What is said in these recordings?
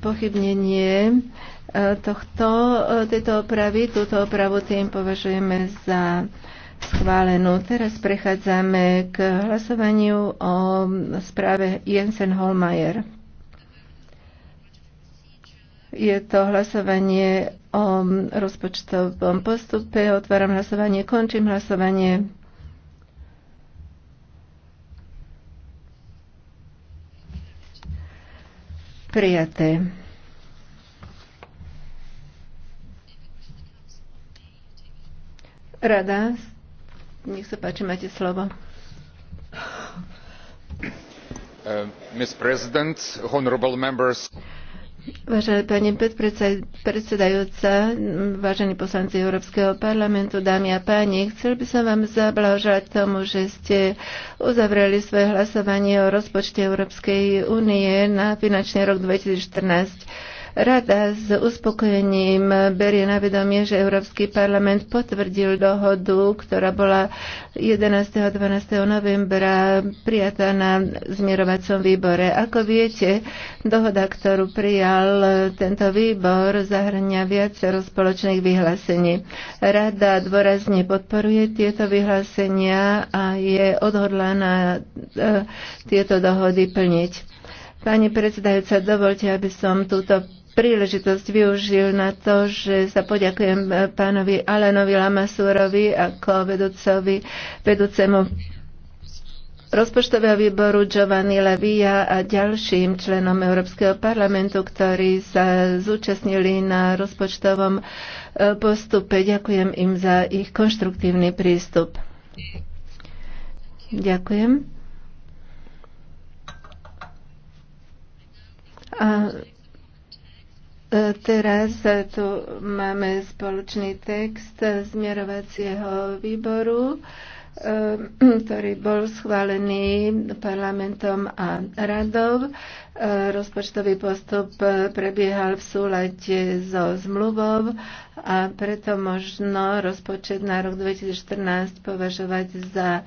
pochybnenie e, tohto, e, tejto opravy. Túto opravu tým považujeme za schválenú. Teraz prechádzame k hlasovaniu o správe Jensen Holmeier. Je to hlasovanie o rozpočtovom postupe. Otváram hlasovanie, končím hlasovanie. Prijaté. Rada, nech sa páči, máte slovo. Uh, Miss President, honorable members. Vážený pani predsedajúca, vážení poslanci Európskeho parlamentu, dámy a páni, chcel by som vám zablážať tomu, že ste uzavreli svoje hlasovanie o rozpočte Európskej únie na finančný rok 2014. Rada s uspokojením berie na vedomie, že Európsky parlament potvrdil dohodu, ktorá bola 11. a 12. novembra prijatá na zmierovacom výbore. Ako viete, dohoda, ktorú prijal tento výbor, zahrania viacero spoločných vyhlásení. Rada dôrazne podporuje tieto vyhlásenia a je odhodlaná e, tieto dohody plniť. Pani predsedajúca, dovolte, aby som túto príležitosť využil na to, že sa poďakujem pánovi Alenovi Lamasúrovi ako vedúcovi, vedúcemu rozpočtového výboru Giovanni Lavia a ďalším členom Európskeho parlamentu, ktorí sa zúčastnili na rozpočtovom e, postupe. Ďakujem im za ich konštruktívny prístup. Ďakujem. A E, teraz tu máme spoločný text zmierovacieho výboru, e, ktorý bol schválený parlamentom a radov. E, rozpočtový postup prebiehal v súlade so zmluvou a preto možno rozpočet na rok 2014 považovať za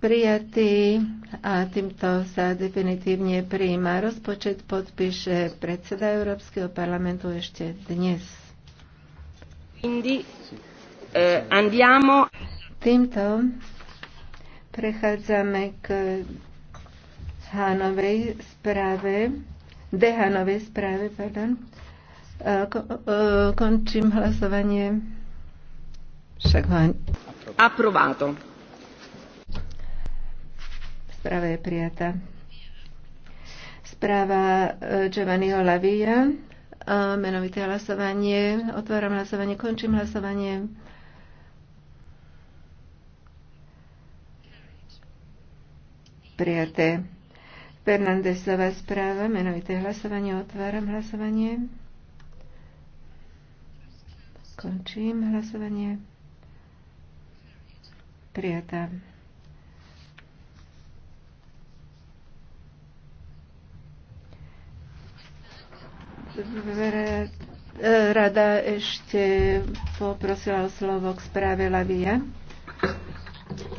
prijatý a týmto sa definitívne prijíma rozpočet, podpíše predseda Európskeho parlamentu ešte dnes. Quindi, eh, andiamo. Týmto prechádzame k Hanovej správe, Dehanovej správe, pardon. Eh, eh, končím hlasovanie. Však ho... Aprovato. Správa je prijatá. Správa e, Giovanniho Lavia. Menovité hlasovanie. Otváram hlasovanie. Končím hlasovanie. Prijaté. Fernandesová správa. Menovité hlasovanie. Otváram hlasovanie. Končím hlasovanie. Prijatá. E, rada ešte poprosila o slovo k správe Lavia.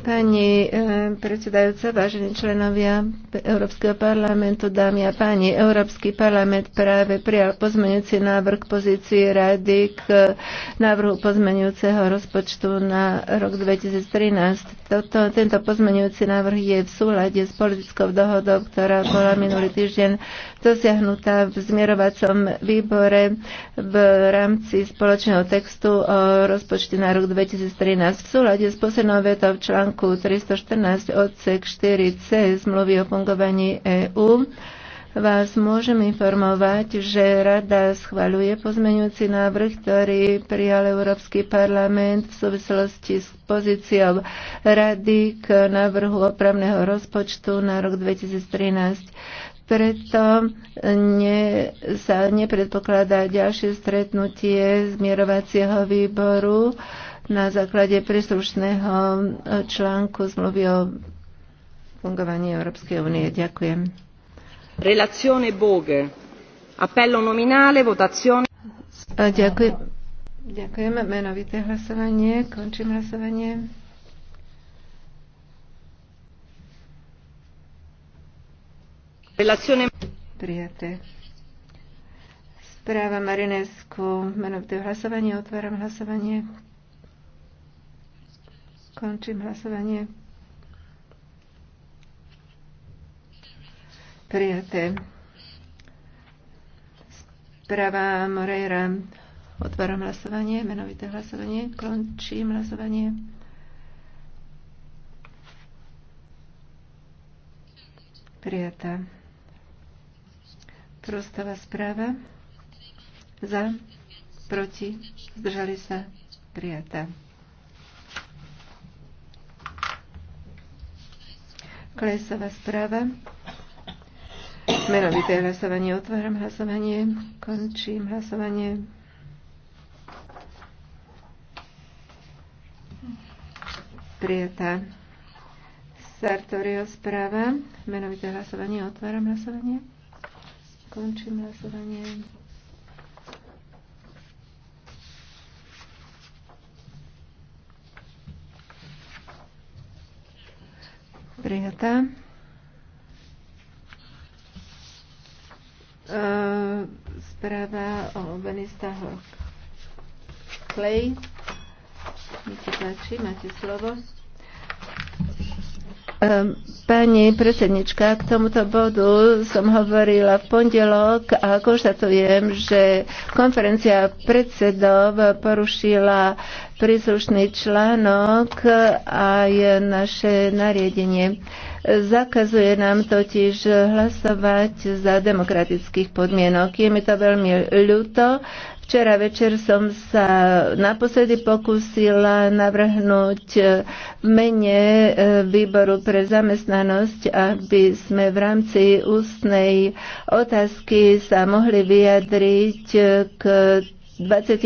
Pani eh, predsedajúca, vážení členovia Európskeho parlamentu, dámy a páni, Európsky parlament práve prijal pozmenujúci návrh pozícii rady k návrhu pozmenujúceho rozpočtu na rok 2013. Toto, tento pozmenujúci návrh je v súlade s politickou dohodou, ktorá bola minulý týždeň dosiahnutá v zmierovacom výbore v rámci spoločného textu o rozpočte na rok 2013. V súlade s poslednou vetou článku článku 314 odsek 4c zmluvy o fungovaní EÚ vás môžem informovať, že Rada schvaľuje pozmeňujúci návrh, ktorý prijal Európsky parlament v súvislosti s pozíciou Rady k návrhu opravného rozpočtu na rok 2013 preto ne, sa nepredpokladá ďalšie stretnutie zmierovacieho výboru na základe príslušného e, článku zmluvy o fungovaní Európskej únie. Ďakujem. Relazione Boge. Appello nominale, votazione. Ďakujem. Ďakujem. Menovité hlasovanie. Končím hlasovanie. Relazione... Prijaté. Správa Marinesku. Menovité hlasovanie. Otváram hlasovanie. Končím hlasovanie. Prijaté. Správa Moreira. Otváram hlasovanie, menovité hlasovanie. Končím hlasovanie. Prijatá. Prostava správa. Za, proti, zdržali sa, prijatá. klesová správa. Menovité hlasovanie. Otváram hlasovanie. Končím hlasovanie. Prijatá. Sartorio správa. Menovité hlasovanie. Otváram hlasovanie. Končím hlasovanie. Marta. Uh, e, Správa o Benista Hork. Clay. Nech páči, máte slovosť. Ehm, pani predsednička, k tomuto bodu som hovorila v pondelok a konštatujem, že konferencia predsedov porušila príslušný článok aj naše nariadenie. Zakazuje nám totiž hlasovať za demokratických podmienok. Je mi to veľmi ľúto. Včera večer som sa naposledy pokúsila navrhnúť e, v mene e, výboru pre zamestnanosť, aby sme v rámci ústnej otázky sa mohli vyjadriť e, k 25%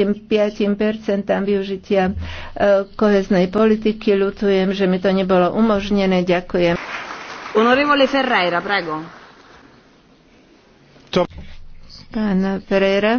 využitia koheznej politiky. Ľutujem, že mi to nebolo umožnené. Ďakujem. Honorevole Ferreira, prego. Pán Ferreira.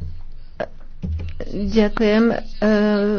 Ďakujem. E,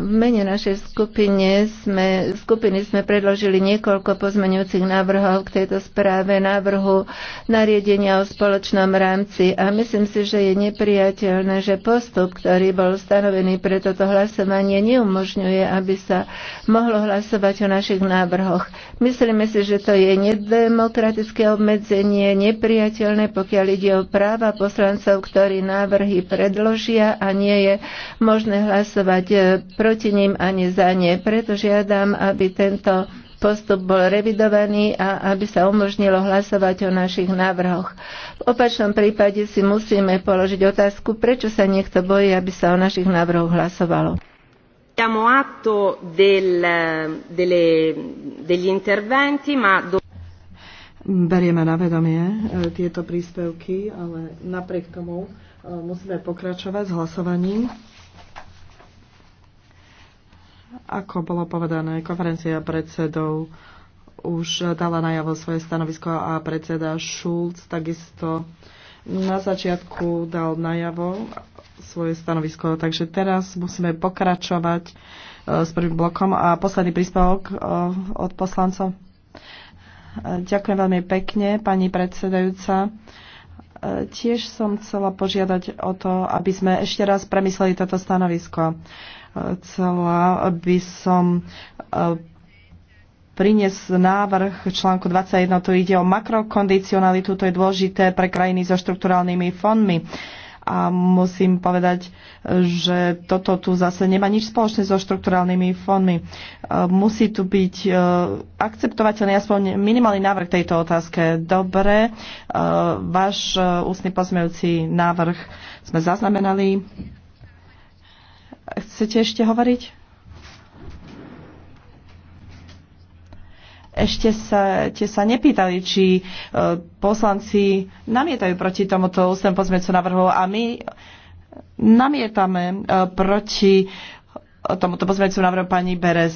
v mene našej skupine sme, skupiny sme predložili niekoľko pozmeňujúcich návrhov k tejto správe, návrhu nariadenia o spoločnom rámci a myslím si, že je nepriateľné, že postup, ktorý bol stanovený pre toto hlasovanie, neumožňuje, aby sa mohlo hlasovať o našich návrhoch. Myslíme si, že to je nedemokratické obmedzenie, nepriateľné, pokiaľ ide o práva poslancov, ktorí návrhy predložia a nie je možné hlasovať e, proti ním ani za ne. Preto žiadam, aby tento postup bol revidovaný a aby sa umožnilo hlasovať o našich návrhoch. V opačnom prípade si musíme položiť otázku, prečo sa niekto bojí, aby sa o našich návrhoch hlasovalo. Diamo atto del, delle, degli interventi, ma do... Berieme na vedomie e, tieto príspevky, ale napriek tomu e, musíme pokračovať s hlasovaním. Ako bolo povedané, konferencia predsedov už dala najavo svoje stanovisko a predseda Schulz takisto na začiatku dal najavo svoje stanovisko. Takže teraz musíme pokračovať e, s prvým blokom a posledný príspevok e, od poslancov. E, ďakujem veľmi pekne, pani predsedajúca tiež som chcela požiadať o to, aby sme ešte raz premysleli toto stanovisko. Chcela by som eh, priniesť návrh článku 21. Tu ide o makrokondicionalitu, to je dôležité pre krajiny so štrukturálnymi fondmi. A musím povedať, že toto tu zase nemá nič spoločné so štrukturálnymi fondmi. Eh, musí tu byť eh, akceptovateľný aspoň minimálny návrh tejto otázke. Dobre, váš ústny pozmejúci návrh sme zaznamenali. Chcete ešte hovoriť? ešte sa, te sa nepýtali, či e, poslanci namietajú proti tomuto ústnemu pozmecu navrhu a my namietame e, proti e, tomuto pozmecu navrhu pani Beres.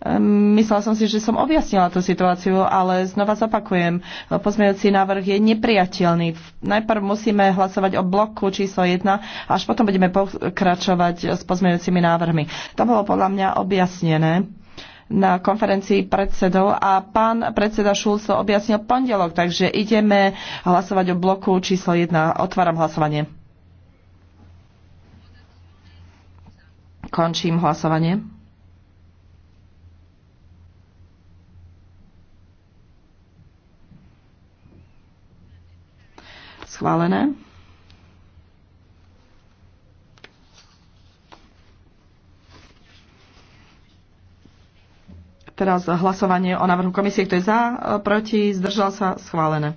Ehm, myslela som si, že som objasnila tú situáciu, ale znova zopakujem. Pozmeňujúci návrh je nepriateľný. Najprv musíme hlasovať o bloku číslo 1, až potom budeme pokračovať s pozmeňujúcimi návrhmi. To bolo podľa mňa objasnené na konferencii predsedov a pán predseda Šulc to objasnil pondelok, takže ideme hlasovať o bloku číslo 1. Otváram hlasovanie. Končím hlasovanie. Schválené. Teraz hlasovanie o návrhu komisie, kto je za, proti, zdržal sa, schválené. E,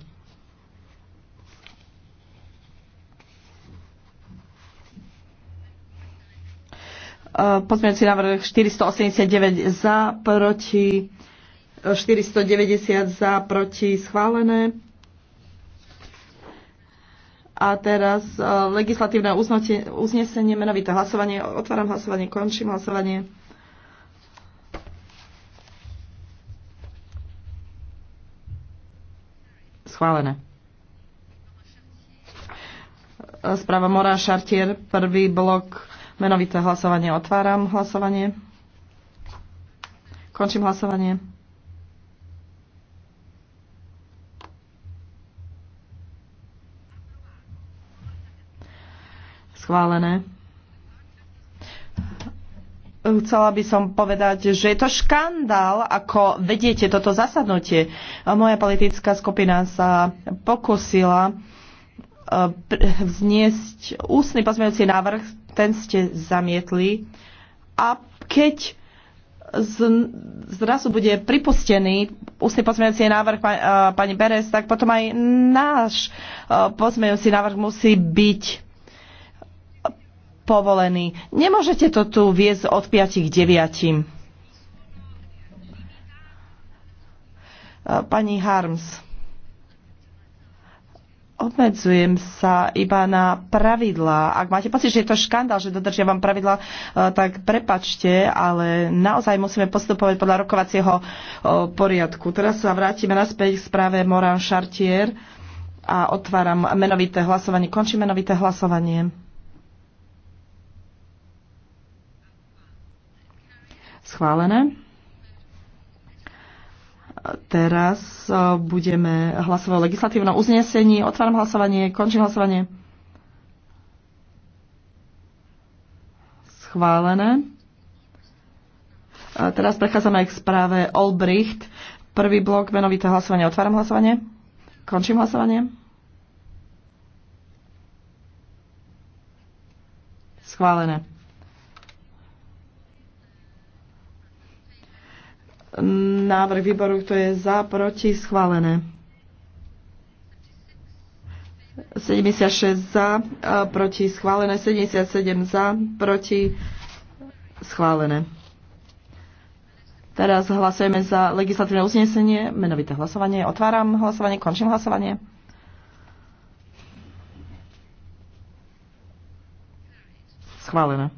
pozmeňujúci návrh 489 za, proti, 490 za, proti, schválené. A teraz e, legislatívne uznesenie, menovité hlasovanie. Otváram hlasovanie, končím hlasovanie. Schválené. Správa Morá Šartier, prvý blok, menovité hlasovanie. Otváram hlasovanie. Končím hlasovanie. Schválené. Chcela by som povedať, že je to škandál, ako vediete toto zasadnutie. Moja politická skupina sa pokusila e, vzniesť ústny pozmeňujúci návrh, ten ste zamietli. A keď zrazu bude pripustený ústny pozmeňujúci návrh e, pani Beres, tak potom aj náš e, pozmeňujúci návrh musí byť povolený. Nemôžete to tu viesť od 5 k 9. Pani Harms, obmedzujem sa iba na pravidlá. Ak máte pocit, že je to škandál, že dodržiavam pravidlá, eh, tak prepačte, ale naozaj musíme postupovať podľa rokovacieho eh, poriadku. Teraz sa vrátime naspäť k správe Moran Chartier a otváram menovité hlasovanie. Končím menovité hlasovanie. Schválené. Teraz eh, budeme hlasovať o legislatívnom uznesení. Otváram hlasovanie, končím hlasovanie. Schválené. Eh, teraz prechádzame k správe Olbricht. Prvý blok, menovité hlasovanie. Otváram hlasovanie. Končím hlasovanie. Schválené. Návrh výboru, kto je za, proti, schválené. 76 za, proti, schválené. 77 za, proti, schválené. Teraz hlasujeme za legislatívne uznesenie, menovité hlasovanie. Otváram hlasovanie, končím hlasovanie. Schválené.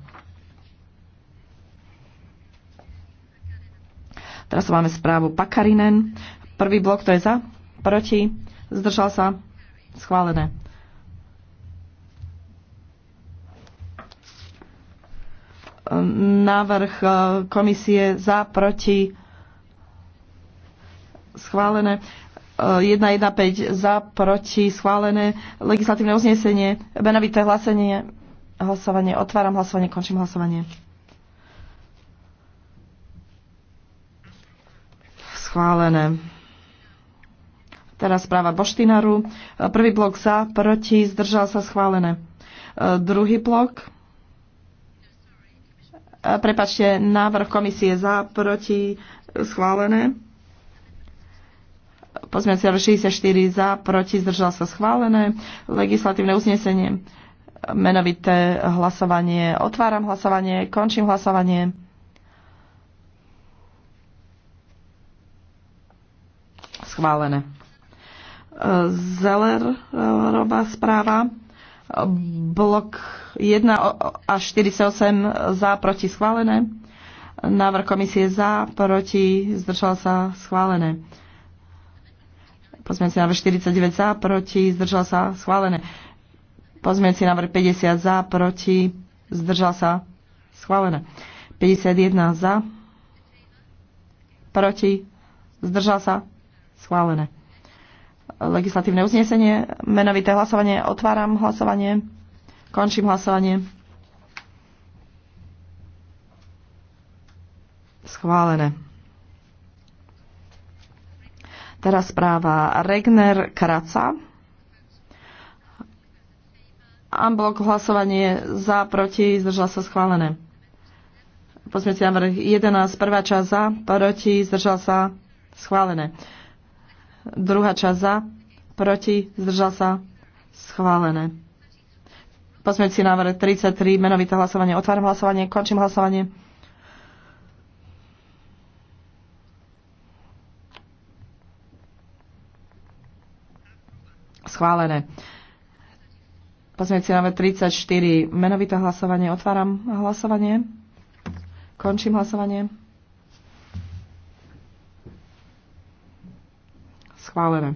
Teraz máme správu Pakarinen. Prvý blok, to je za, proti, zdržal sa, schválené. Návrh e, komisie za, proti, schválené. 1.1.5 e, za, proti, schválené. Legislatívne uznesenie, benovité hlasenie, hlasovanie. Otváram hlasovanie, končím hlasovanie. schválené. Teraz správa Boštinaru. Prvý blok za, proti, zdržal sa schválené. E, druhý blok. E, prepačte, návrh komisie za, proti, schválené. Pozmeňujúci 64 za, proti, zdržal sa schválené. Legislatívne uznesenie. Menovité hlasovanie. Otváram hlasovanie, končím hlasovanie. schválené. Zellerová e, správa. Blok 1 až 48 za, proti schválené. Návrh komisie za, proti, zdržal sa schválené. Pozmeňujúci návrh 49 za, proti, zdržal sa schválené. Pozmeňujúci návrh 50 za, proti, zdržal sa schválené. 51 za, proti, zdržal sa Schválené. Legislatívne uznesenie, menovité hlasovanie. Otváram hlasovanie. Končím hlasovanie. Schválené. Teraz správa Regner Kraca. Amblok hlasovanie za, proti, zdržal sa schválené. Pozmeňte návrh 11, prvá časť za, proti, zdržal sa schválené. Druhá časť za, proti, zdržal sa, schválené. si návrh 33, menovité hlasovanie. Otváram hlasovanie, končím hlasovanie. Schválené. si návrh 34, menovité hlasovanie. Otváram hlasovanie, končím hlasovanie. Schválené.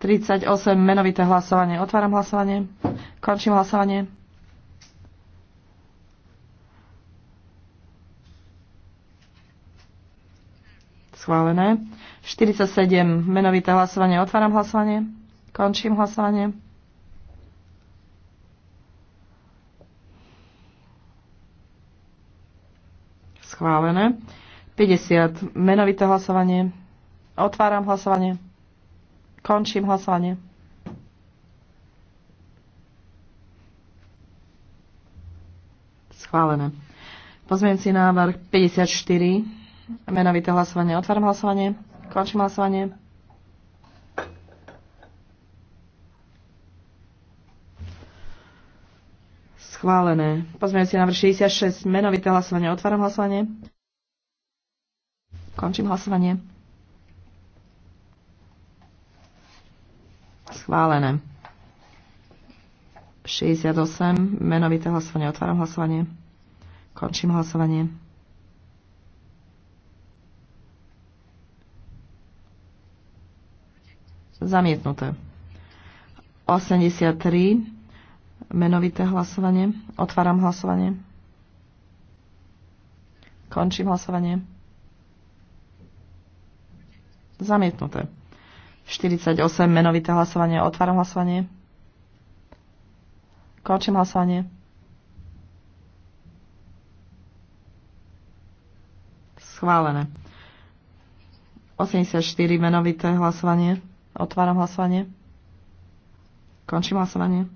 38. Menovité hlasovanie. Otváram hlasovanie. Končím hlasovanie. Schválené. 47. Menovité hlasovanie. Otváram hlasovanie. Končím hlasovanie. Schválené. 50. Menovité hlasovanie. Otváram hlasovanie. Končím hlasovanie. Schválené. si návrh 54. Menovité hlasovanie. Otváram hlasovanie. Končím hlasovanie. Schválené. si návrh 66. Menovité hlasovanie. Otváram hlasovanie. Končím hlasovanie. Schválené. 68. Menovité hlasovanie. Otváram hlasovanie. Končím hlasovanie. Zamietnuté. 83. Menovité hlasovanie. Otváram hlasovanie. Končím hlasovanie. Zamietnuté. 48 menovité hlasovanie. Otváram hlasovanie. Končím hlasovanie. Schválené. 84 menovité hlasovanie. Otváram hlasovanie. Končím hlasovanie.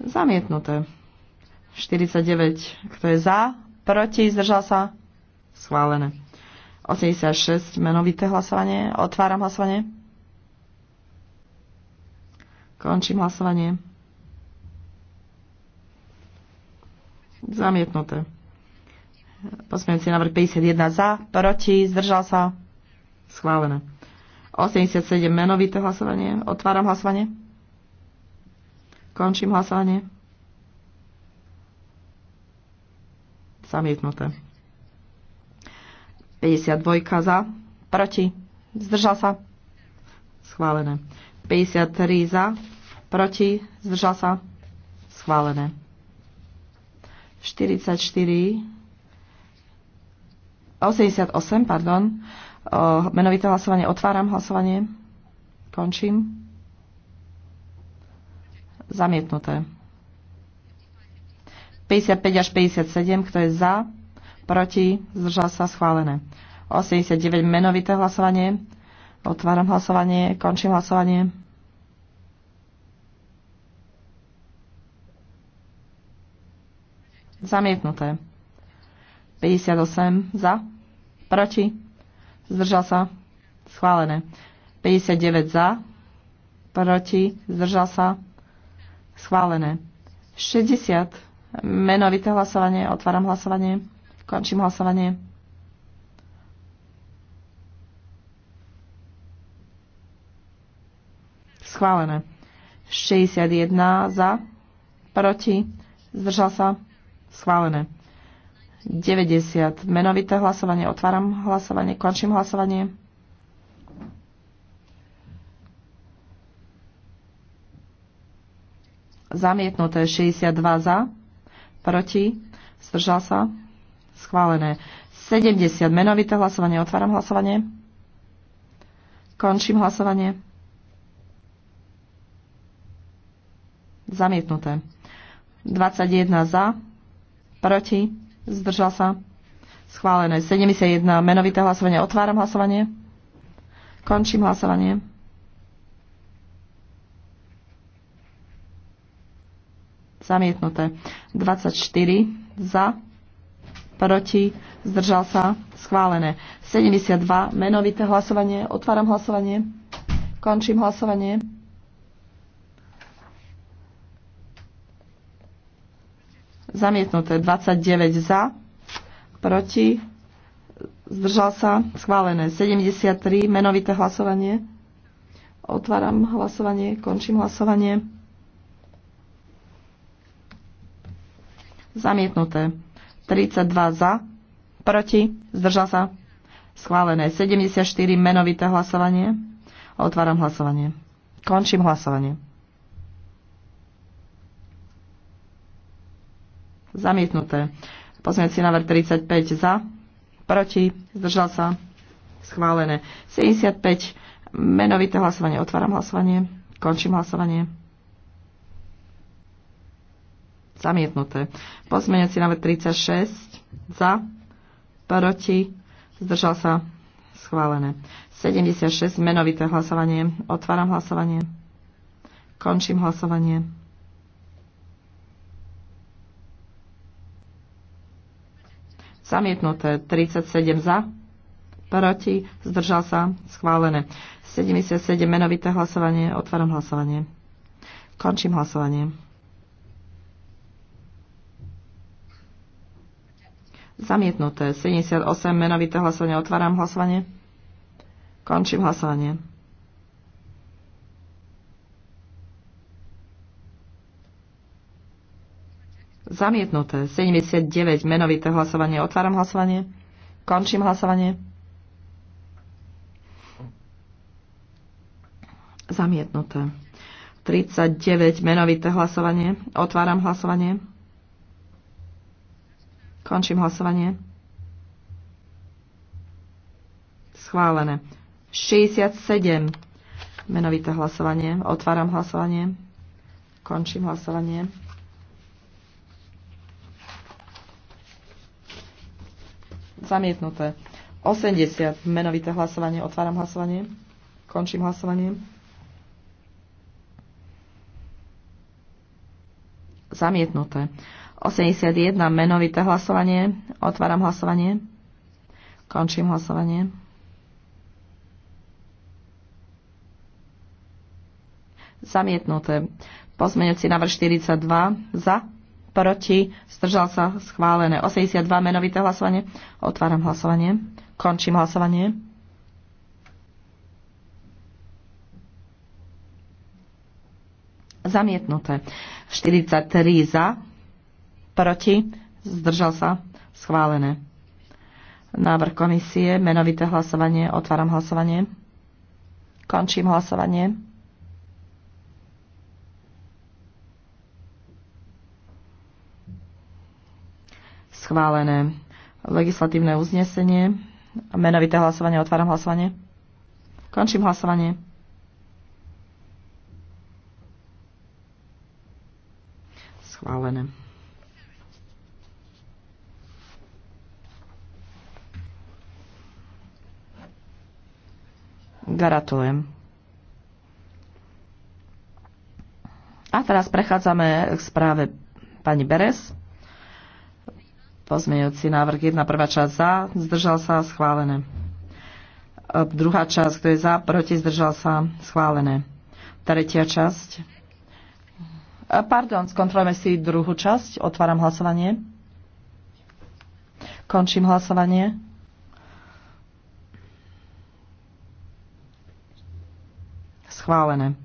Zamietnuté. 49. Kto je za? Proti? Zdržal sa? Schválené. 86 menovité hlasovanie. Otváram hlasovanie. Končím hlasovanie. Zamietnuté. si návrh 51 za, proti, zdržal sa. Schválené. 87 menovité hlasovanie. Otváram hlasovanie. Končím hlasovanie. Zamietnuté. 52 za, proti, zdržal sa, schválené. 53 za, proti, zdržal sa, schválené. 44, 88, pardon, menovité hlasovanie, otváram hlasovanie, končím. Zamietnuté. 55 až 57, kto je za, proti, zdržal sa schválené. 89 menovité hlasovanie. Otváram hlasovanie, končím hlasovanie. Zamietnuté. 58 za, proti, zdržal sa, schválené. 59 za, proti, zdržal sa, schválené. 60 menovité hlasovanie, otváram hlasovanie. Končím hlasovanie. Schválené. 61 za, proti, zdržal sa, schválené. 90. Menovité hlasovanie. Otváram hlasovanie. Končím hlasovanie. Zamietnuté 62 za, proti, zdržal sa, Schválené. 70. Menovité hlasovanie. Otváram hlasovanie. Končím hlasovanie. Zamietnuté. 21 za, proti, zdržal sa. Schválené. 71. Menovité hlasovanie. Otváram hlasovanie. Končím hlasovanie. Zamietnuté. 24 za, proti, zdržal sa, schválené. 72, menovité hlasovanie, otváram hlasovanie, končím hlasovanie. Zamietnuté 29 za, proti, zdržal sa, schválené. 73, menovité hlasovanie, otváram hlasovanie, končím hlasovanie. Zamietnuté. 32 za, proti, zdržal sa, schválené. 74 menovité hlasovanie. Otváram hlasovanie. Končím hlasovanie. Zamietnuté. Pozmeňujúci návrh 35 za, proti, zdržal sa, schválené. 75 menovité hlasovanie. Otváram hlasovanie. Končím hlasovanie. Zamietnuté. Pozmeňací návrh 36 za, proti, zdržal sa, schválené. 76 menovité hlasovanie. Otváram hlasovanie. Končím hlasovanie. Zamietnuté 37 za, proti, zdržal sa, schválené. 77 menovité hlasovanie. Otváram hlasovanie. Končím hlasovanie. Zamietnuté. 78. Menovité hlasovanie. Otváram hlasovanie. Končím hlasovanie. Zamietnuté. 79. Menovité hlasovanie. Otváram hlasovanie. Končím hlasovanie. Zamietnuté. 39. Menovité hlasovanie. Otváram hlasovanie. Končím hlasovanie. Schválené. 67. Menovité hlasovanie. Otváram hlasovanie. Končím hlasovanie. Zamietnuté. 80. Menovité hlasovanie. Otváram hlasovanie. Končím hlasovanie. Zamietnuté. 81 menovité hlasovanie. Otváram hlasovanie. Končím hlasovanie. Zamietnuté. Pozmeňujúci návrh 42 za, proti, zdržal sa schválené. 82 menovité hlasovanie. Otváram hlasovanie. Končím hlasovanie. Zamietnuté. 43 za, Proti? Zdržal sa? Schválené. Návrh komisie, menovité hlasovanie, otváram hlasovanie. Končím hlasovanie. Schválené. Legislatívne uznesenie, menovité hlasovanie, otváram hlasovanie. Končím hlasovanie. Schválené. Gratulujem. A teraz prechádzame k správe pani Beres. Pozmejúci návrh 1, prvá časť za, zdržal sa, schválené. E, druhá časť, kto je za, proti, zdržal sa, schválené. Tretia časť. E, pardon, skontrolujeme si druhú časť. Otváram hlasovanie. Končím hlasovanie. schválené.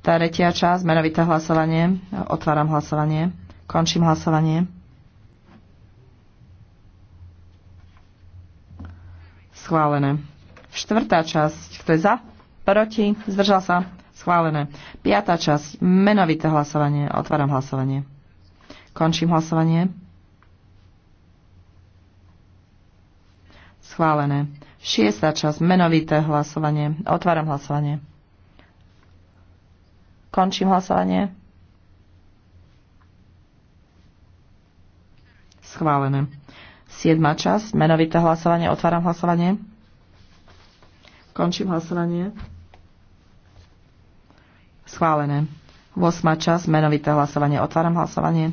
Tretia časť, menovité hlasovanie. Otváram hlasovanie. Končím hlasovanie. Schválené. Štvrtá časť. Kto je za? Proti? Zdržal sa? Schválené. Piatá časť. Menovité hlasovanie. Otváram hlasovanie. Končím hlasovanie. Schválené. Šiesta časť. Menovité hlasovanie. Otváram hlasovanie. Končím hlasovanie. Schválené. Siedma časť, menovité hlasovanie. Otváram hlasovanie. Končím hlasovanie. Schválené. 8. čas, menovité hlasovanie. Otváram hlasovanie.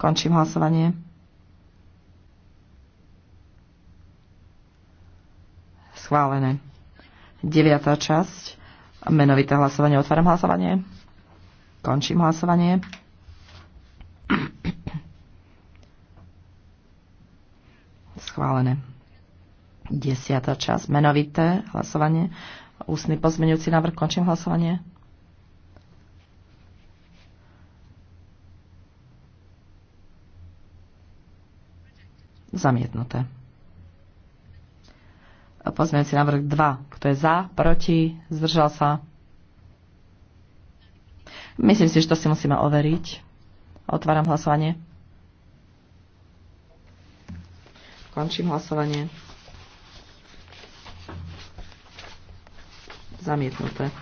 Končím hlasovanie. Schválené. Deviatá časť. Menovité hlasovanie. Otváram hlasovanie. Končím hlasovanie. Schválené. Desiatá časť. Menovité hlasovanie. Ústny pozmeňujúci návrh. Končím hlasovanie. Zamietnuté. Pozmeňujúci návrh 2. Kto je za, proti, zdržal sa? Myslím si, že to si musíme overiť. Otváram hlasovanie. Končím hlasovanie. Zamietnuté.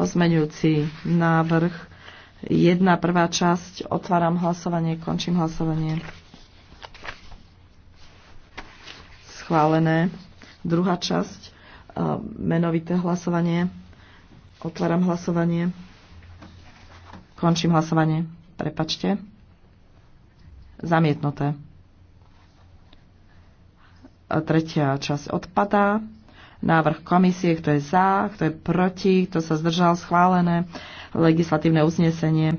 Pozmeňujúci návrh Jedna prvá časť. Otváram hlasovanie, končím hlasovanie. Schválené. Druhá časť. Menovité hlasovanie. Otváram hlasovanie. Končím hlasovanie. Prepačte. Zamietnuté. A tretia časť odpadá návrh komisie, kto je za, kto je proti, kto sa zdržal schválené, legislatívne uznesenie,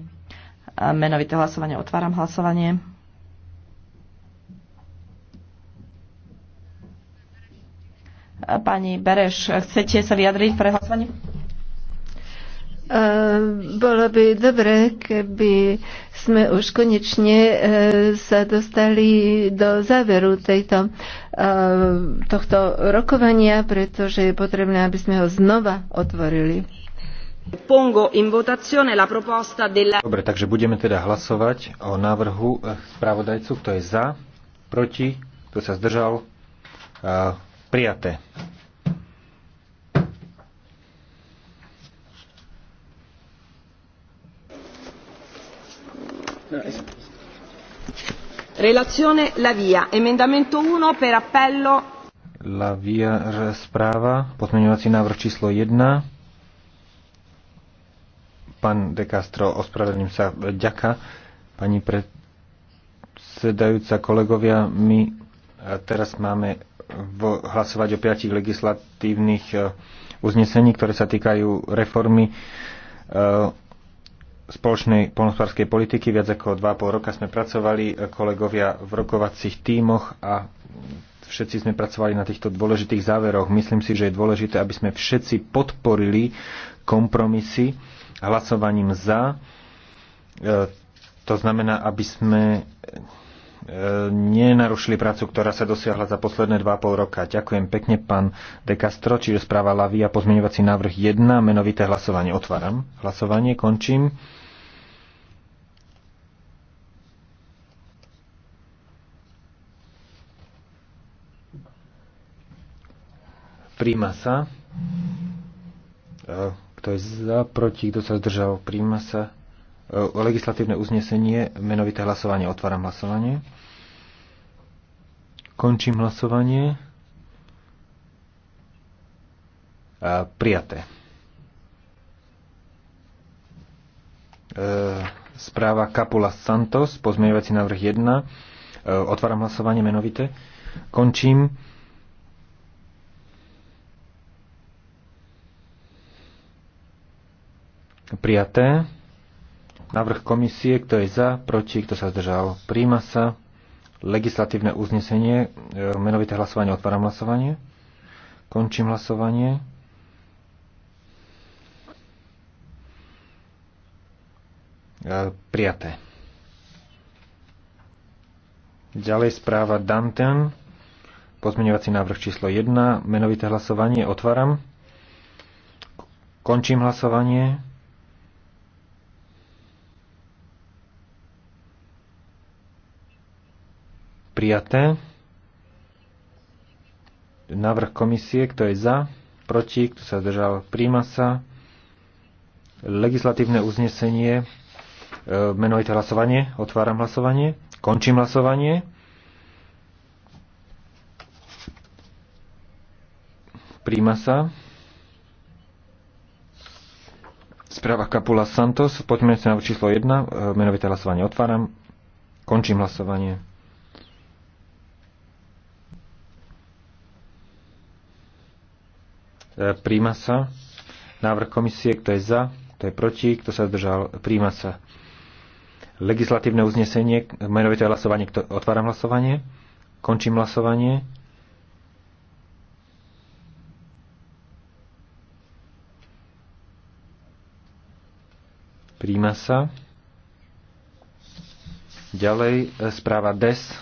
menovité hlasovanie, otváram hlasovanie. Pani Bereš, chcete sa vyjadriť pre hlasovanie? Bolo by dobré, keby sme už konečne e, sa dostali do záveru tejto, e, tohto rokovania, pretože je potrebné, aby sme ho znova otvorili. Dobre, takže budeme teda hlasovať o návrhu e, spravodajcu, kto je za, proti, kto sa zdržal, prijaté. Relazione La Via, emendamento 1 per appello. La Via správa, pozmeňovací návrh číslo 1. Pán De Castro, ospravedlním sa, ďaka. Pani predsedajúca, kolegovia, my e, teraz máme hlasovať o piatich legislatívnych e, uznesení, ktoré sa týkajú reformy e, spoločnej polnospodárskej politiky. Viac ako 2,5 roka sme pracovali, kolegovia v rokovacích tímoch a všetci sme pracovali na týchto dôležitých záveroch. Myslím si, že je dôležité, aby sme všetci podporili kompromisy hlasovaním za. E, to znamená, aby sme e, nenarušili prácu, ktorá sa dosiahla za posledné 2,5 roka. Ďakujem pekne, pán De Castro, čiže správa Lavia, pozmeňovací návrh 1, menovité hlasovanie. Otváram hlasovanie, končím. príjma sa. Kto je za, proti, kto sa zdržal, príjma sa. E, legislatívne uznesenie, menovité hlasovanie, otváram hlasovanie. Končím hlasovanie. A prijaté. E, správa Kapula Santos, pozmeňovací návrh 1. E, otváram hlasovanie menovité. Končím. Prijaté. Návrh komisie, kto je za, proti, kto sa zdržal, príjma sa. Legislatívne uznesenie, e, menovité hlasovanie, otváram hlasovanie. Končím hlasovanie. E, prijaté. Ďalej správa Danten. Pozmeňovací návrh číslo 1. Menovité hlasovanie. Otváram. Končím hlasovanie. Prijaté. Návrh komisie, kto je za, proti, kto sa zdržal, príjma sa. Legislatívne uznesenie, e, menovité hlasovanie, otváram hlasovanie, končím hlasovanie. Príjma sa. Správa Kapula Santos, poďme sa na číslo 1, e, menovité hlasovanie otváram, končím hlasovanie. E, príjma sa. Návrh komisie, kto je za, kto je proti, kto sa zdržal, príjma sa. Legislatívne uznesenie, menovité hlasovanie, kto, otváram hlasovanie, končím hlasovanie. Príjma sa. Ďalej e, správa DES, e,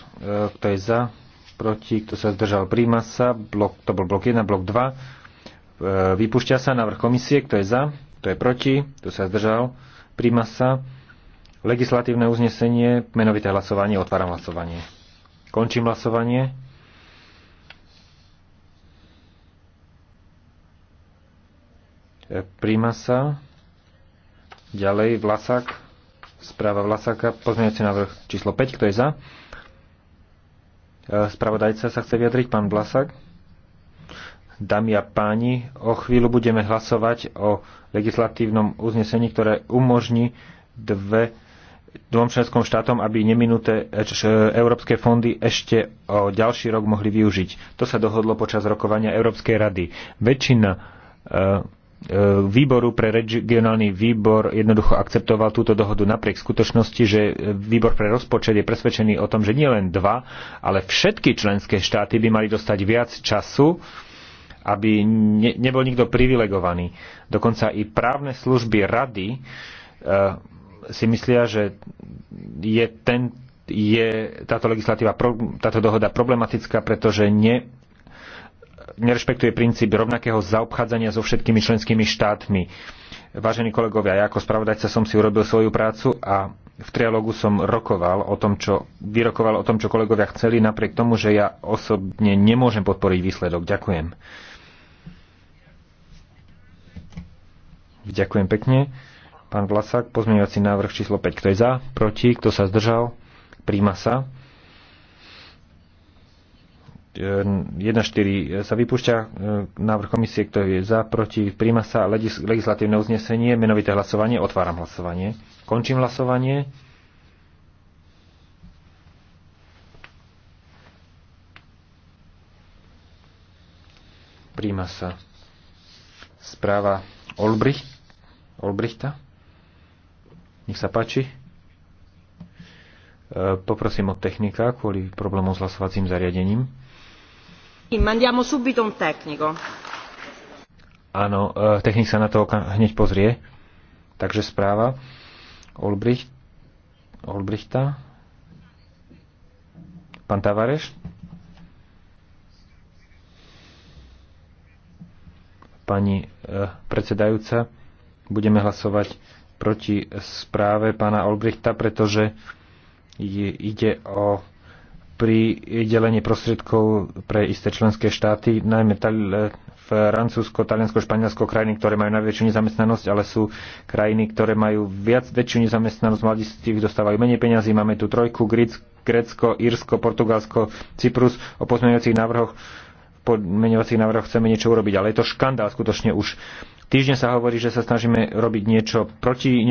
kto je za, proti, kto sa zdržal, príjma sa. Blok, to bol blok 1, blok 2. E, vypúšťa sa návrh komisie, kto je za, kto je proti, kto sa zdržal, príjma sa. Legislatívne uznesenie, menovité hlasovanie, otváram hlasovanie. Končím hlasovanie. E, príjma sa. Ďalej Vlasák. Správa Vlasaka. Pozmeňujúci návrh číslo 5. Kto je za? E, spravodajca sa chce vyjadriť. Pán Vlasák. Dámy a páni, o chvíľu budeme hlasovať o legislatívnom uznesení, ktoré umožní dve, dvom členským štátom, aby neminuté eh, eh, európske fondy ešte o ďalší rok mohli využiť. To sa dohodlo počas rokovania Európskej rady. Väčšina eh, výboru pre regionálny výbor jednoducho akceptoval túto dohodu napriek skutočnosti, že výbor pre rozpočet je presvedčený o tom, že nie len dva, ale všetky členské štáty by mali dostať viac času aby ne, nebol nikto privilegovaný. Dokonca i právne služby rady e, si myslia, že je, ten, je táto legislatíva, táto dohoda problematická, pretože ne, nerešpektuje princíp rovnakého zaobchádzania so všetkými členskými štátmi. Vážení kolegovia, ja ako spravodajca som si urobil svoju prácu a v trialógu som rokoval o tom, čo, vyrokoval o tom, čo kolegovia chceli, napriek tomu, že ja osobne nemôžem podporiť výsledok. Ďakujem. Ďakujem pekne. Pán Vlasák, pozmeňovací návrh číslo 5. Kto je za? Proti? Kto sa zdržal? Príjma sa. 1.4 e, sa vypúšťa e, návrh komisie, kto je za, proti, príjma sa legislatívne uznesenie, menovité hlasovanie, otváram hlasovanie, končím hlasovanie. Príjma sa správa Olbricht. Olbrichta. Nech sa páči. E, Poprosím od technika kvôli problémom s hlasovacím zariadením. Mandiamo subito un tecnico. Áno, e, technik sa na to hneď pozrie. Takže správa Olbricht, Olbrichta. Pán Tavareš? Pani e, predsedajúca, budeme hlasovať proti správe pána Olbrichta, pretože ide o pridelenie prostriedkov pre isté členské štáty, najmä Francúzsko, Taliansko, Španielsko, krajiny, ktoré majú najväčšiu nezamestnanosť, ale sú krajiny, ktoré majú viac väčšiu nezamestnanosť, mladistvých dostávajú menej peňazí. Máme tu trojku, Grécko, Írsko, Portugalsko, Cyprus. O pozmeňovacích návrhoch podmeňovacích návrhoch chceme niečo urobiť, ale je to škandál skutočne už Týždeň sa hovorí, že sa snažíme robiť niečo proti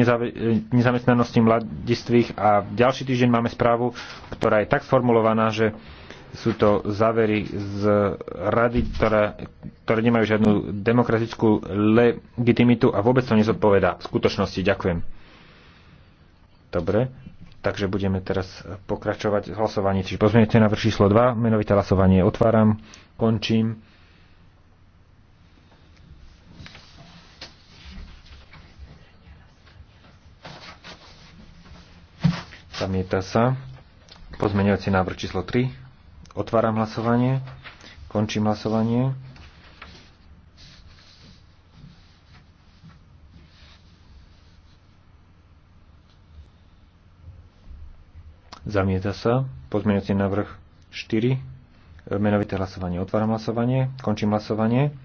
nezamestnanosti mladistvých a ďalší týždeň máme správu, ktorá je tak sformulovaná, že sú to závery z rady, ktoré, ktoré nemajú žiadnu demokratickú legitimitu a vôbec to nezodpovedá v skutočnosti. Ďakujem. Dobre, takže budeme teraz pokračovať hlasovanie. Čiže pozmienite na číslo 2, menovité hlasovanie otváram, končím. Zamieta sa. Pozmeňovací návrh číslo 3. Otváram hlasovanie. Končím hlasovanie. Zamieta sa. Pozmeňovací návrh 4. Menovité hlasovanie. Otváram hlasovanie. Končím hlasovanie.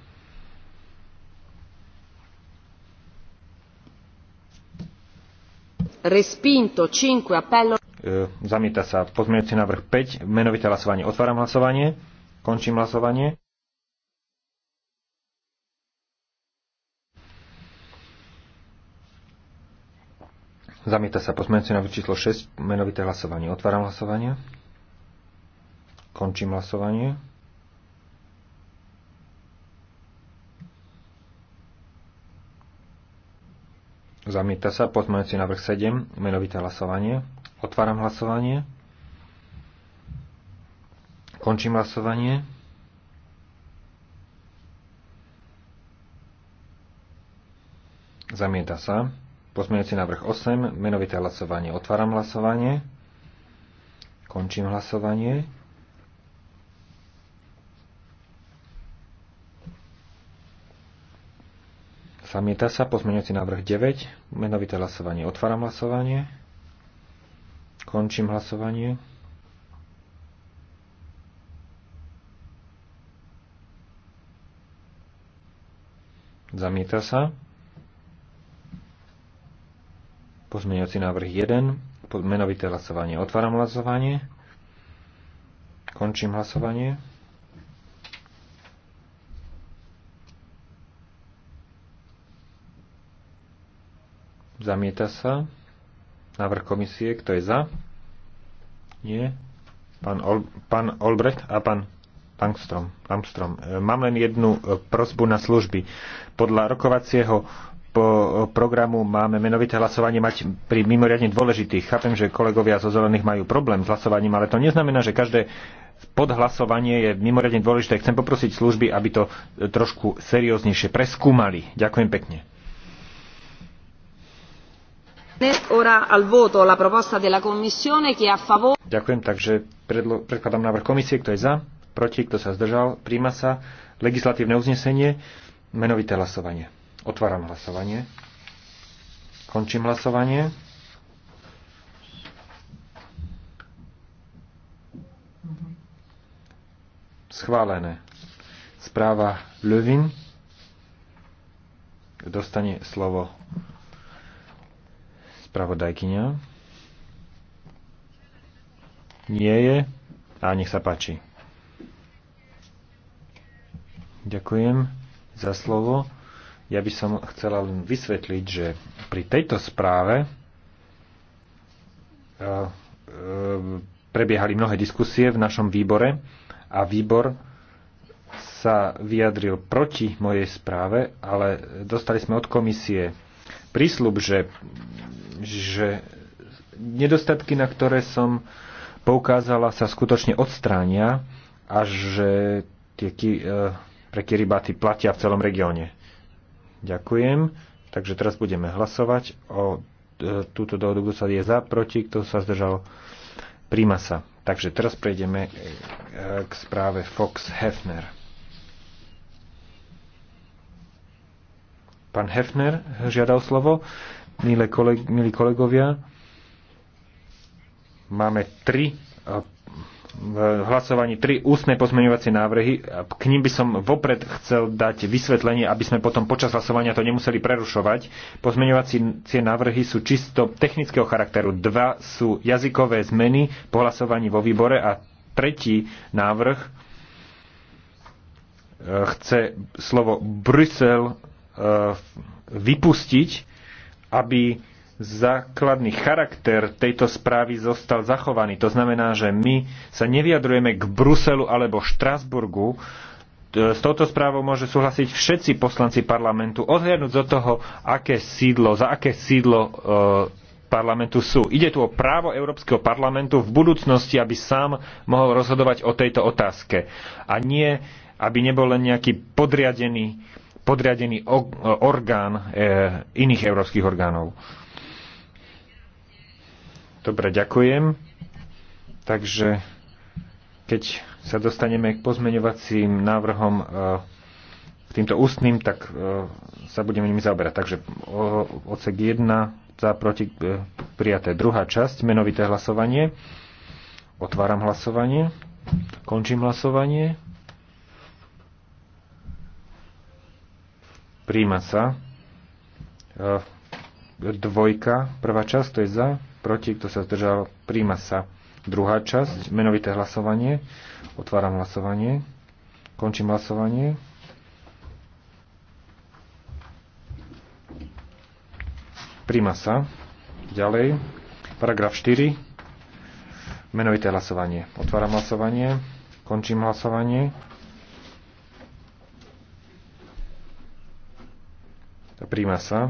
respinto 5 appello e, zamieta sa pozmeňujúci návrh 5, menovité hlasovanie. Otváram hlasovanie, končím hlasovanie. Zamieta sa pozmeňujúci návrh číslo 6, menovité hlasovanie. Otváram hlasovanie, končím hlasovanie. Zamieta sa pozmeňujúci návrh 7, menovité hlasovanie. Otváram hlasovanie. Končím hlasovanie. Zamieta sa. Pozmeňujúci návrh 8, menovité hlasovanie. Otváram hlasovanie. Končím hlasovanie. Zamieta sa pozmeňujúci návrh 9, menovité hlasovanie. Otváram hlasovanie. Končím hlasovanie. Zamieta sa. Pozmeňujúci návrh 1. Menovité hlasovanie. Otváram hlasovanie. Končím hlasovanie. Zamieta sa. Návrh komisie, kto je za? Nie. Pán, Ol, pán Olbrecht a pán Langstrom. Langstrom. E, mám len jednu e, prosbu na služby. Podľa rokovacieho po programu máme menovité hlasovanie mať pri mimoriadne dôležitých. Chápem, že kolegovia zo zelených majú problém s hlasovaním, ale to neznamená, že každé podhlasovanie je mimoriadne dôležité. Chcem poprosiť služby, aby to e, trošku serióznejšie preskúmali. Ďakujem pekne. Ďakujem, takže predkladám návrh komisie, kto je za, proti, kto sa zdržal, príjma sa legislatívne uznesenie, menovité hlasovanie. Otváram hlasovanie. Končím hlasovanie. Schválené. Správa Lövin dostane slovo Spravodajkyňa? Nie je. A nech sa páči. Ďakujem za slovo. Ja by som chcela len vysvetliť, že pri tejto správe e, e, prebiehali mnohé diskusie v našom výbore a výbor sa vyjadril proti mojej správe, ale dostali sme od komisie prísľub, že že nedostatky, na ktoré som poukázala, sa skutočne odstránia a že tie e, pre Kiribati platia v celom regióne. Ďakujem. Takže teraz budeme hlasovať o e, túto dohodu, kto sa je za, proti, kto sa zdržal, príjma sa. Takže teraz prejdeme e, k správe Fox Hefner. Pán Hefner žiadal slovo milé koleg- milí kolegovia. Máme tri v hlasovaní tri ústne pozmeňovacie návrhy. K ním by som vopred chcel dať vysvetlenie, aby sme potom počas hlasovania to nemuseli prerušovať. Pozmeňovacie návrhy sú čisto technického charakteru. Dva sú jazykové zmeny po hlasovaní vo výbore a tretí návrh e, chce slovo Brusel e, vypustiť aby základný charakter tejto správy zostal zachovaný. To znamená, že my sa nevyjadrujeme k Bruselu alebo Štrasburgu. E, s touto správou môže súhlasiť všetci poslanci parlamentu, odhľadnúť do toho, aké sídlo, za aké sídlo e, parlamentu sú. Ide tu o právo Európskeho parlamentu v budúcnosti, aby sám mohol rozhodovať o tejto otázke. A nie, aby nebol len nejaký podriadený podriadený orgán e, iných európskych orgánov. Dobre, ďakujem. Takže keď sa dostaneme k pozmeňovacím návrhom e, k týmto ústnym, tak e, sa budeme nimi zaoberať. Takže odsek 1 za proti prijaté druhá časť, menovité hlasovanie. Otváram hlasovanie. Končím hlasovanie. Príjma sa. E, dvojka, prvá časť, to je za, proti, kto sa zdržal, príjma sa. Druhá časť, menovité hlasovanie. Otváram hlasovanie. Končím hlasovanie. Príjma sa. Ďalej. Paragraf 4. Menovité hlasovanie. Otváram hlasovanie. Končím hlasovanie. Príjma sa.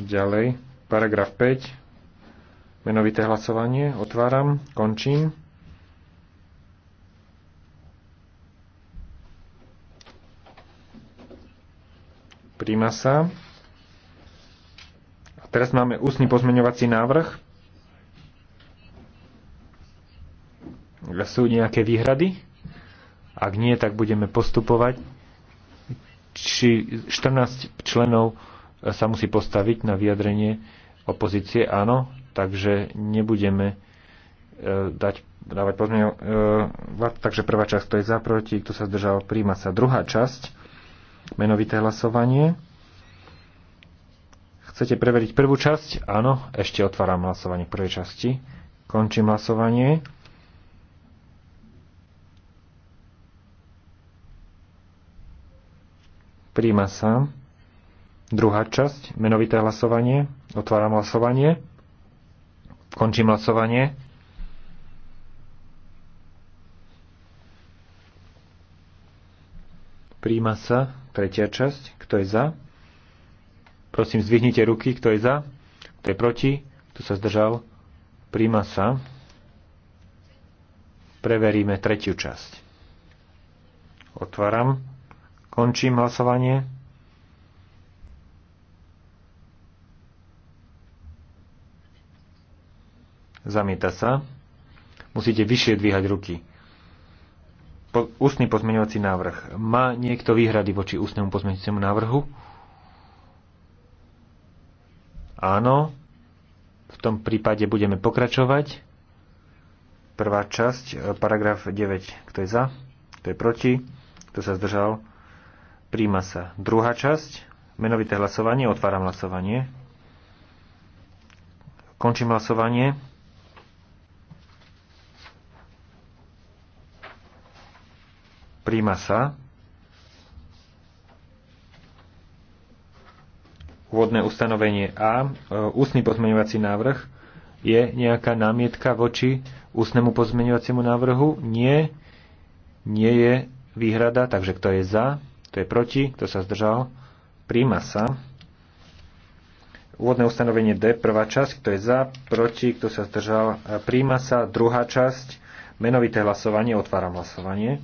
Ďalej. Paragraf 5. Menovité hlasovanie. Otváram. Končím. Príjma sa. A teraz máme ústny pozmeňovací návrh. Sú nejaké výhrady? Ak nie, tak budeme postupovať či 14 členov e, sa musí postaviť na vyjadrenie opozície, áno, takže nebudeme e, dať, dávať pozmeňovať. E, takže prvá časť, kto je za, proti, kto sa zdržal, príjma sa. Druhá časť, menovité hlasovanie. Chcete preveriť prvú časť? Áno, ešte otváram hlasovanie prvej časti. Končím hlasovanie. Príjma sa. Druhá časť, menovité hlasovanie. Otváram hlasovanie. Končím hlasovanie. Príjma sa. Tretia časť. Kto je za? Prosím, zdvihnite ruky. Kto je za? Kto je proti? Kto sa zdržal? Príjma sa. Preveríme tretiu časť. Otváram Končím hlasovanie. Zamieta sa. Musíte vyššie dvíhať ruky. Po, ústny pozmeňovací návrh. Má niekto výhrady voči ústnemu pozmeňovaciemu návrhu? Áno. V tom prípade budeme pokračovať. Prvá časť, eh, paragraf 9. Kto je za? Kto je proti? Kto sa zdržal? Príjma sa druhá časť. Menovité hlasovanie. Otváram hlasovanie. Končím hlasovanie. Príjma sa. Úvodné ustanovenie A. Ústny pozmeňovací návrh. Je nejaká námietka voči ústnemu pozmeňovaciemu návrhu? Nie. Nie je výhrada, takže kto je za? Kto je proti? Kto sa zdržal? Príjma sa. Úvodné ustanovenie D, prvá časť. Kto je za? Proti? Kto sa zdržal? E, príjma sa. Druhá časť. Menovité hlasovanie. Otváram hlasovanie.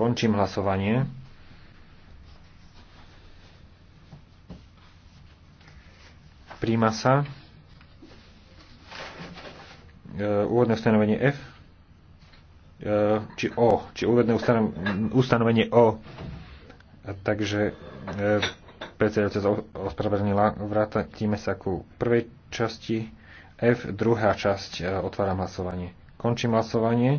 Končím hlasovanie. Príjma sa. E, úvodné ustanovenie F, e, či O, či úvodné ustanovenie O. Takže e, sa ospravedlnila, vrátime sa ku prvej časti F, druhá časť, e, otváram hlasovanie. Končím hlasovanie.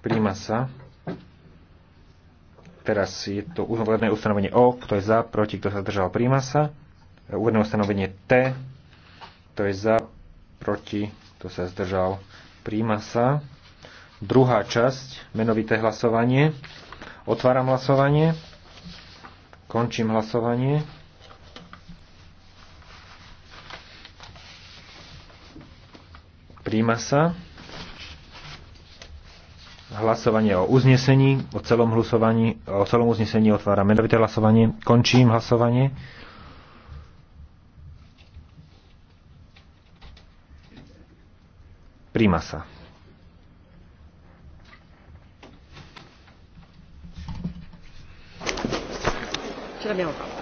Príjma sa. Teraz je to úvodné ustanovenie O, kto je za, proti, kto sa držal, príjma sa. E, uvedené ustanovenie T, kto je za, proti, kto sa zdržal, Príjma sa. Druhá časť, menovité hlasovanie. Otváram hlasovanie. Končím hlasovanie. Príjma sa hlasovanie o uznesení, o celom, hlasovaní, o celom uznesení otváram menovité hlasovanie. Končím hlasovanie. Príma sa. Čo je mi opravdu?